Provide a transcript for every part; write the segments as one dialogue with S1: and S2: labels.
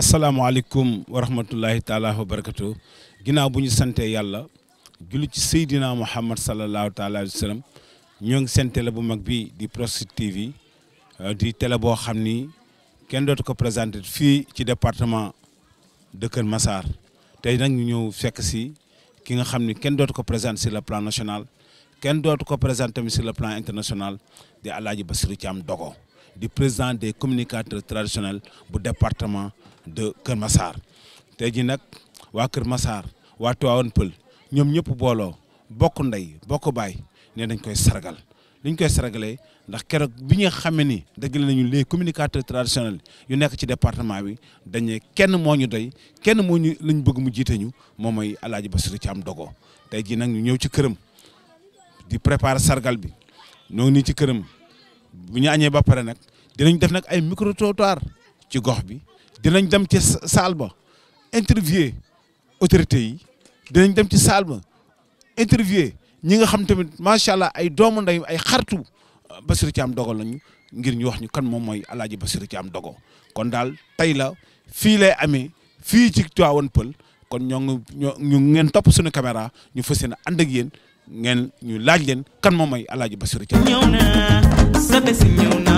S1: asalaamaaleykum wa rahmatullahi taala wa barakatu ginnaaw bu ñu santee yàlla julli ci seydina muhammad salallahu taala alayhi wa sallam ñoo ngi seen télé bu mag bi di Proxi euh, di télé boo xam ni kenn dootu ko présenté fii ci département de Kër tey nag ñëw fekk si ki nga xam ni kenn dootu ko présenté sur le plan national kenn dootu ko présenté tamit sur le plan international di Alaaji Bassirou Thiam Dogo di président des communicateurs traditionnels bu département de Kër Massar tey jii nag waa Kër Massar waa Tivaouane Peulh ñoom ñëpp booloo bokk ndey bokk baay ne dañ koy sargal liñ koy sargalee ndax keroog bi nga xamee ni dëggal nañu les communicateur traditionnels yu nekk ci département bi dañee kenn moo ñu doy kenn moo ñu lañ bëgg mu jiite ñu moom mooy El Hadj Bassirou Thiam Dogo tey jii nag ñu ñëw ci këram di préparer sargal bi ñoo ngi ci këram bu ñu añee ba pare nag. dinañ def nag ay micro trottoir ci gox bi dinañ dem ci salle ba interviewer autorités yi dinañ dem ci salle ba interviewer ñi nga xam tamit macha allah ay doomu ndey ay xartu Bassirou am Dogo lañu ngir ñu wax ñu kan moom mooy El Hadj Bassirou Thiam Dogo kon daal tey la fii lay amee fii ci Tivaouane Peulh kon ñoo ñu ngeen topp suñu caméra ñu fas yéene ànd ak yéen ngeen ñu laaj leen kan moom mooy
S2: El Hadj Bassirou Thiam. ñëw na na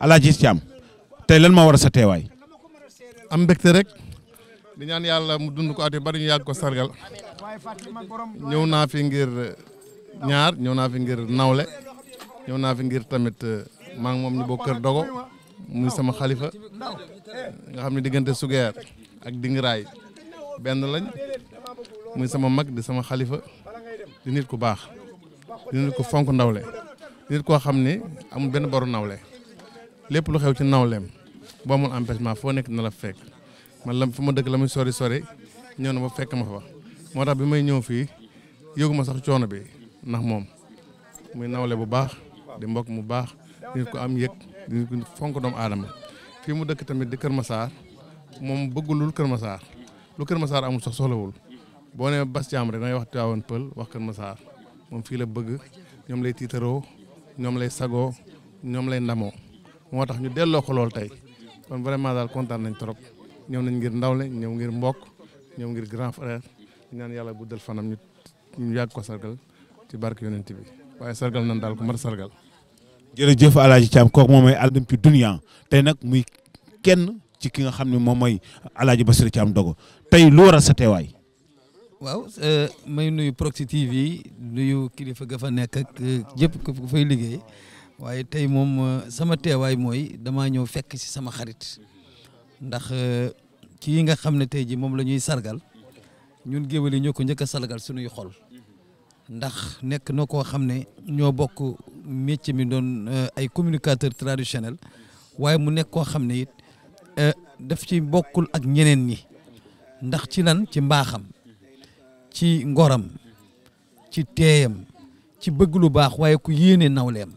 S1: alaji siam te lan ma wara sa teway
S3: am bekte rek di ñaan yalla mu dund ko ade bari ñu yag ko sargal ñew na fi ngir ñaar ñëw naa fi ngir nawle ñëw naa fi ngir tamit euh, maa ngi moom ñu bokk kër dogo muy sama xalifa nga xam ne diggante sugeer ak dingiraay benn lañ muy sama mag di sama xalifa di nit ku baax di nit ku fonk ndawle di nit koo xam ni amul benn boru nawle lépp lu xew ci nawleem boo amul empêchement foo nekk na la fekk man la fa ma dëkk la muy sori sori ñëw na ba fekk ma fa moo tax bi may ñëw fii yëguma sax coono bi ndax moom muy nawle bu baax di mbokk mu baax di ko am yëg fonk doomu aadama fii mu dëkk tamit di Kër Massar moom bëggulul Kër Massar lu Kër masaar amul sax soxlawul boo nee Bass Thiam rek dangay wax Tivaouane Pël wax Kër Massar moom fii la bëgg ñoom lay tiitaroo ñoom lay sagoo ñoom lay ndamoo moo tax ñu delloo ko lool tey kon vraiment daal kontaan nañ trop ñëw nañ ngir ndawle ñëw ngir mbokk ñëw ngir grand frère ñaan yàlla bu guddal fanam ñu ñu yàgg ko sargal ci barke yonent bi waaye sargal nan daal ku mat sargal.
S1: jërëjëf El Hadj Thiam kooku moom mooy Aldem ci dunya tey nag muy kenn ci ki nga xam ne moom mooy El Hadj Bassirou Thiam Dogo tey lu a sa teewaay.
S4: waaw euh, may nuyu Proxi TV nuyu kilifa ga fa nekk ak jëpp euh, ku fay liggéey waaye tey moom euh, sama teewaay mooy damaa ñëw fekk si sama xarit ndax ci yi nga xam ne tey ji moom la ñuy sargal ñun géwél yi ñoo ko njëkk a sargal suñuy xol. ndax nekk na koo xam ne ñoo bokk métier mi doon euh, ay communicateur traditionnel waaye mu nekk koo xam ne it euh, daf ci bokkul ak ñeneen ñi ndax ci lan ci mbaaxam ci ngoram ci teeyam ci bëgg lu baax waaye ku yéene nawleem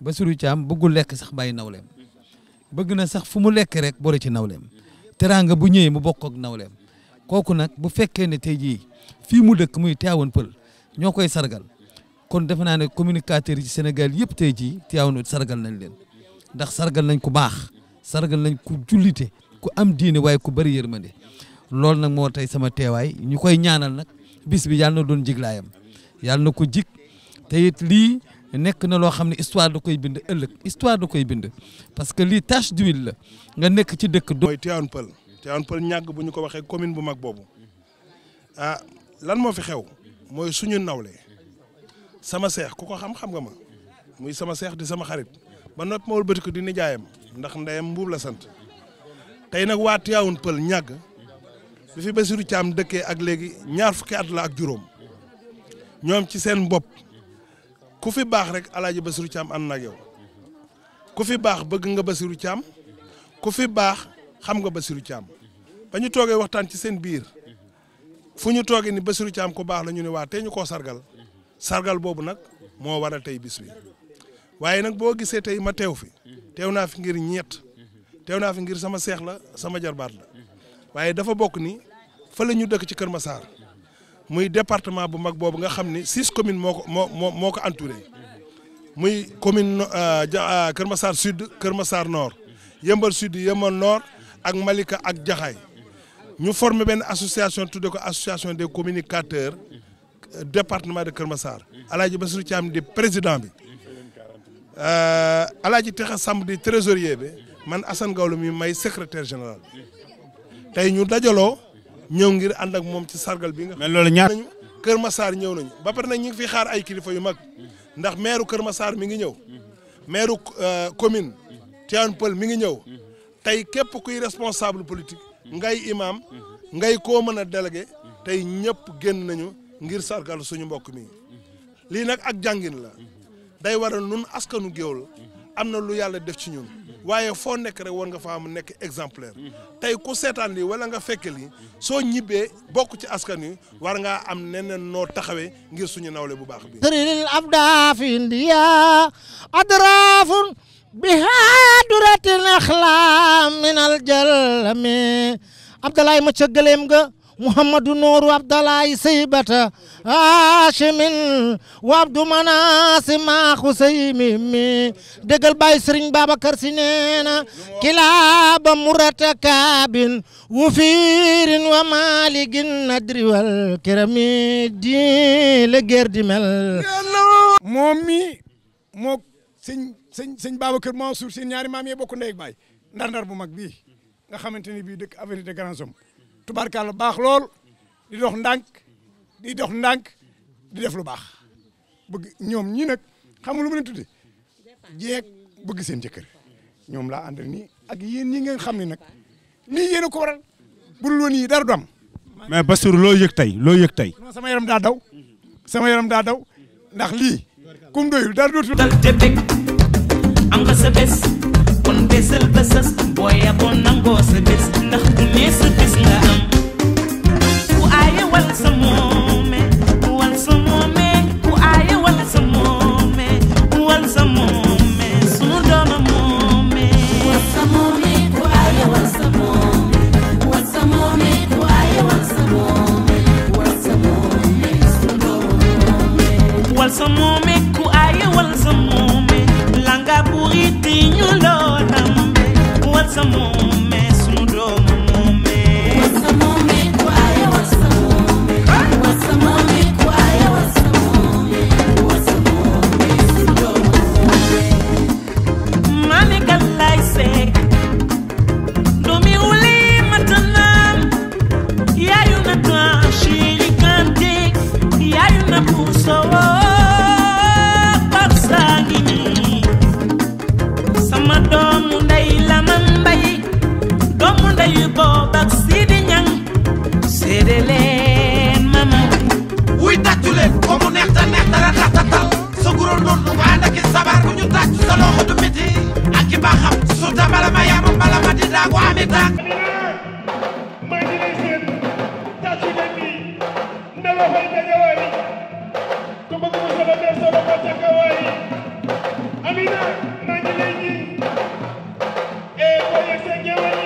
S4: Bassirou Thiam bëggul lekk sax bàyyi nawleem bëgg na sax fu mu lekk rek boole ci nawleem teraanga bu ñëwee mu bokk ak nawleem kooku nag bu fekkee ne tey jii fii mu dëkk muy teewoon pël ñoo koy sargal kon defe naa ne communicateurs yi ci Sénégal yëpp tey jii Tivaouane sargal nañ leen ndax sargal nañ ku baax sargal nañ ku jullite ku am diine waaye ku bëri yërmande loolu nag moo tey sama teewaay ñu koy ñaanal nag bis bi yàlla na doon jiglaayam yàlla na ko jig te it lii nekk na loo xam ne histoire da koy bind ëllëg histoire da koy bind parce que lii tâche d'huile la nga nekk ci dëkk do
S5: mooy Tivaouane Peulh Tivaouane bu ñu ko waxee commune bu mag boobu ah lan moo fi xew mooy suñu nawle sama seex ku ko xam-xam nga ma muy sama seex di sama xarit ba noppi ma wëlbati ko di nijaayam ndax ndeyam mbuur la sant tey nag waat Tivaouane Peulh ñàgg bi fi Bassirou Thiam dëkkee ak léegi ñaar fukki at la ak juróom ñoom ci seen bopp ku fi baax rek alaaji Bassirou Thiam ànd na ak yow ku fi baax bëgg nga Bassirou Thiam ku fi baax xam nga Bassirou Thiam ba ñu toogee waxtaan ci seen biir fu ñu toogee ni Bassirou Thiam ko baax la ñu ne waa tey ñu koo sargal sargal boobu nag moo war a tey bis waaye nag boo gisee tey ma teew fi teew naa fi ngir ñett teew naa fi ngir sama seex la sama jarbaat waaye dafa bokk ni fa la ñu dëkk ci Kër Massar muy département bu mag boobu nga xam ni six communes moo ko moo moo ko entouré muy commune euh, euh, Kër Massar sud Kër Massar noor Yëmbal sud Yëmbal noor ak Malika ak Jaxaay ñu former benn association tudde ko association des communicateurs euh, département de Kermassar. Massar Bassou Bassirou Thiam di président bi euh, alaaji Texa Samb di trésorier bi man Assane Gawlo mi may secrétaire général tey ñu dajaloo ñëw ngir ànd ak moom ci sargal bi nga xam loolu ñaar nañu Kër Massar ba par nag ñi fi xaar ay kilifa yu mag ndax maire Kermassar mi ngi ñëw maire euh, commune Tivaouane Peulh mi ngi ñew tay képp kuy responsable politique ngay imaam ngay koo mën a delege tey ñëpp génn nañu ngir sargal suñu mbokk mi lii nag ak jàngin la day waral nun askanu géwël am na lu yàlla def ci ñun waaye foo nekk rek war nga fa am nekk exemplaire tey ku seetaan lii wala nga fekk lii soo ñibbee bokk ci askan wi war ngaa am neneen noo taxawee ngir suñu nawle bu baax
S2: bi bihaa duratin axlaam min aljalami abdalaay ma ca gëléem ga muhammadu nooru abdalaay saybata haashimin wa abdu manaasi maaxu saymi mi déggal bàyyi sëriñ babacar si neena kilaaba murata kaabin wufiirin wa maaligin nadri wal kirami di le gerdi mel
S6: sëñ sëñ Babacar Mansour seen ñaari maam yee bokk ndey ak baay ndar-ndar bu mag bii nga xamante ni bii dëkk avenue de Grands tu tubaarkàlla baax lool di dox ndànk di dox ndànk di def lu baax bëgg ñoom ñii nag xam lu ma leen jeeg bëgg seen jëkkër ñoom laa àndal nii ak yéen ñi ngeen xam ne nag nii yéen a ko waral bu dul woon yi dara du am.
S1: mais Bassirou loo yëg tey loo yëg tey.
S6: sama yaram daa daw sama yaram daa daw ndax lii kum doyul dara dootul. am nga sa bés kon bésal bésas booya bon nangoo sa
S2: bés ndax bu nee sa bés nga wal sa
S7: Amina, Magdalene, eh,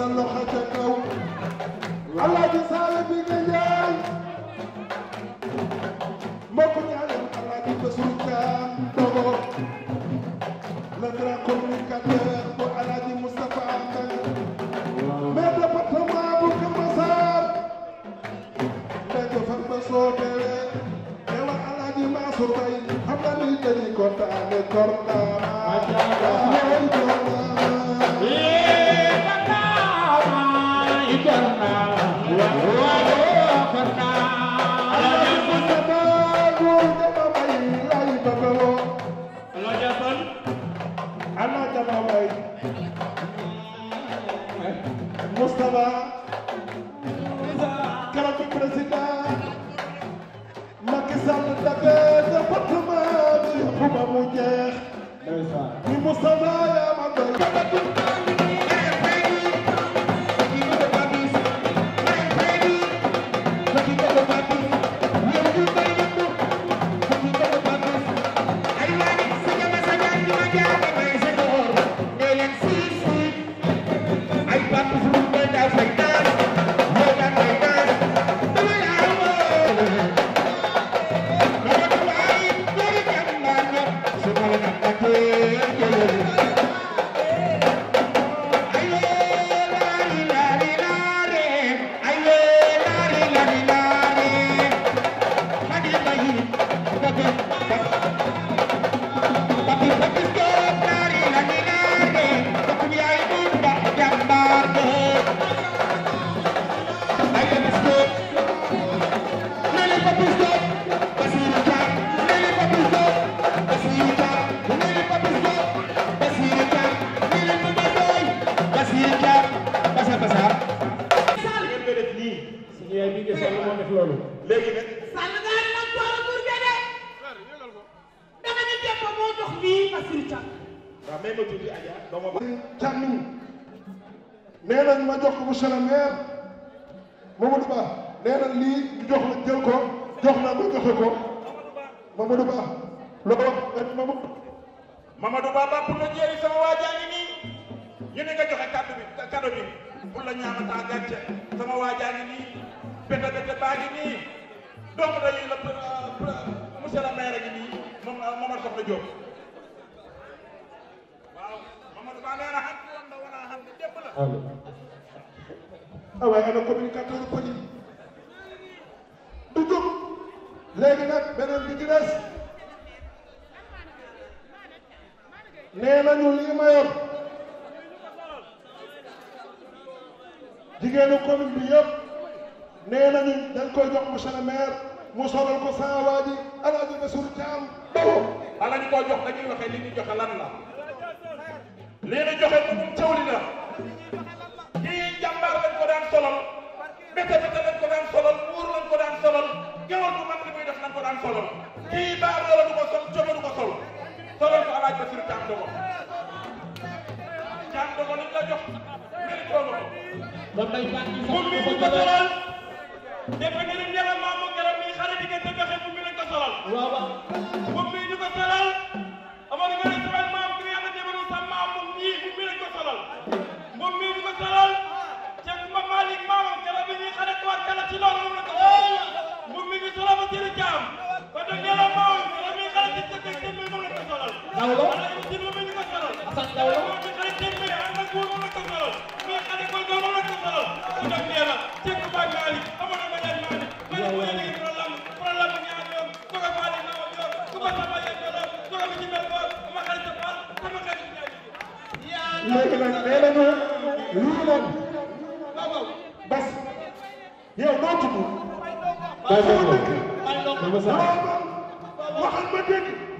S5: sa loxo ca kaw allah ji saale bi I'm not about like Mustafa. nee nañ ma jox ko monsieur le maire Mamadou Ba nee na lii jox la jël ko jox naa ko joxe ko Mamadou Ba loolu wax nga Mamadou Ba ba pour la jéeri
S7: sama waa jaa ngi nii ñu ne nga joxe kàddu bi kàddu bi pour la ñaamataa gàcce sama waa jaa ngi nii bete bete baa ngi nii donc dañuy la monsieur le maire ngi nii moom Mamadou Soxna Diop waaw
S2: Mamadou Ba nee na
S5: ah waaye ana communicateur politique du jóg léegi nag beneen bi ci des nee nañu lii ma yor jigéenu commune bi yëpp nee nañu dañ koy jox monsieur le maire mu solal ko saa waa ji alaaji Bassirou Thiam. alaaji koo jox dañuy waxee li ñu joxe lan
S7: la. nee na joxe cawli na kii jàmbaar lañ ko daan solal bete bete lañ ko daan solal muur lañ ko daan solal gewal bu mag li muy def lañ ko daan solal kii baax loola du ko sol joxe du ko sol solal ko alaaj Basiru Caam Dogo Caam Dogo lañ la jox mérite ko moom mi ko solal defe nga ni njëlam maam mu njëlam mi xale diggante joxe mu mi lañ ko solal moom mi ñu ko solal amoon nga ne moom mii bu mel ko solal moom mii bu ko solal ca Malick maamam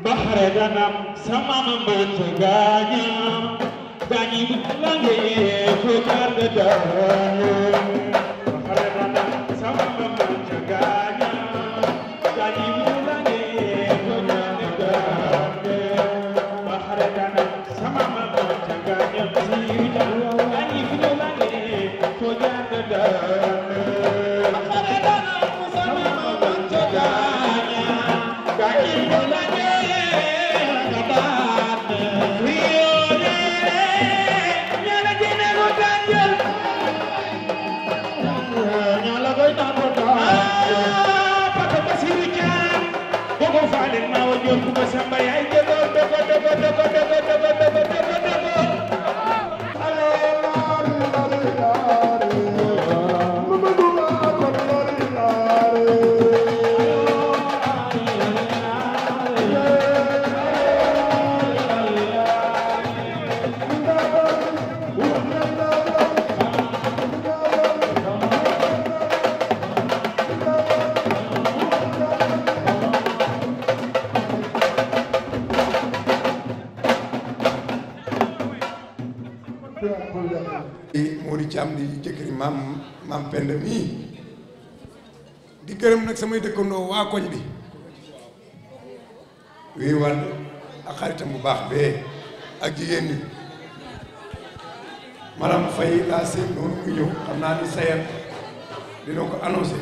S2: bahre danam samanam bante ganya ganyi mulange ko kar da danam Papa Basirika
S7: bogo falen ma wajor ko samba yaay jelo dogo dogo dogo
S6: Modou Thiam di jëkkëri maam maam Penda mii di gërëm nag samay dëkkandoo waa koñ bi wii wan ak xaritam bu baax bee ak jigéen ñi maanaam fay laa seen noonu mu ñëw xam naa ni sayet dina ko annoncé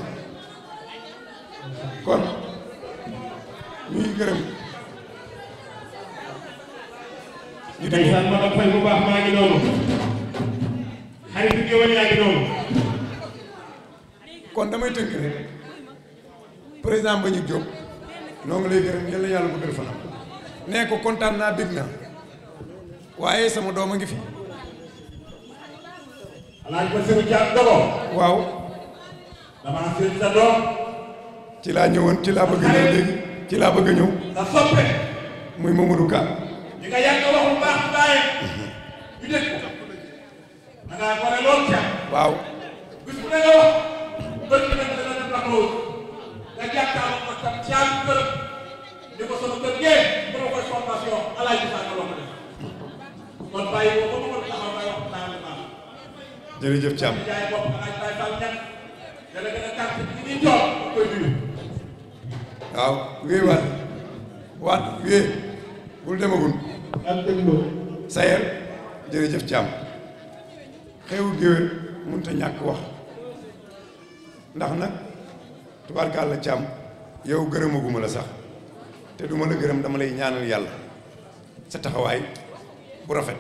S6: kon
S7: ñuy gërëm ñu dégg maanaam
S6: fay bu baax maa ngi noonu xaritu kon damay tënk rek président Mbagnick Diop noo ngi lay gërëm yàlla yàlla bëggal fanam nee ko kontaan naa bég naa waaye sama doom a ngi fi alaaj ba siru ci laa ñëwoon ci ñëw léegi ci laa bëgg ñëw sa soppe muy Mamadou Ka waaw. jërëjëf Thiam. waaw wii waat waat wii bul demagul. Sayer jërëjëf Thiam. xewu géwél mënut a ñàkk wax ndax nag tubaarkàlla càmm yow gërëmaguma la sax te duma la gërëm dama lay ñaanal yàlla sa taxawaay bu rafet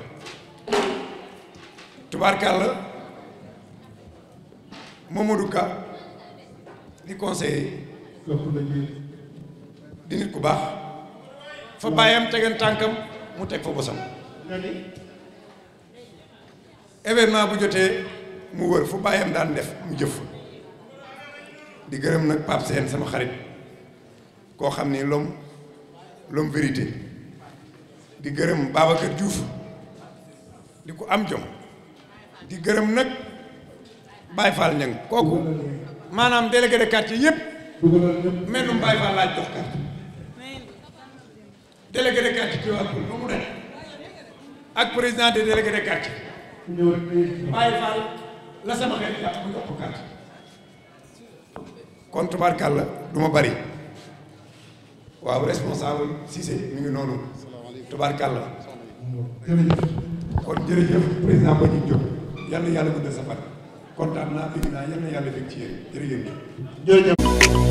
S6: tubaarkàlla Mamadou Ka di conseiller di nit ku baax fa bàyyam tegen tànkam mu teg fa bosam événement bu jotee mu wër fu bàyyam daan def mu jëf di gërëm nag Pape Sène sama xarit koo xam ni l'homme l'homme vérité di gërëm Babacar Diouf di ko am jom di gërëm nag Baye Fall ñang kooku maanaam délégué de quartier yëpp mel num Baye Fall laaj jox carte délégué de quartier ci waa pour ba mu daj ak président des délégués de quartier ñëw rek ñu bàyyi la sama xel di bu jox ko kon tubaarkàlla du ma bari waaw responsable Cissé mi ngi noonu tubaarkàlla la kon jërëjëf président ba ñu jóg yal na yàlla guddal sa fan kontaan naa dégg naa yal na yàlla dégg ci yéen
S5: jërëjëf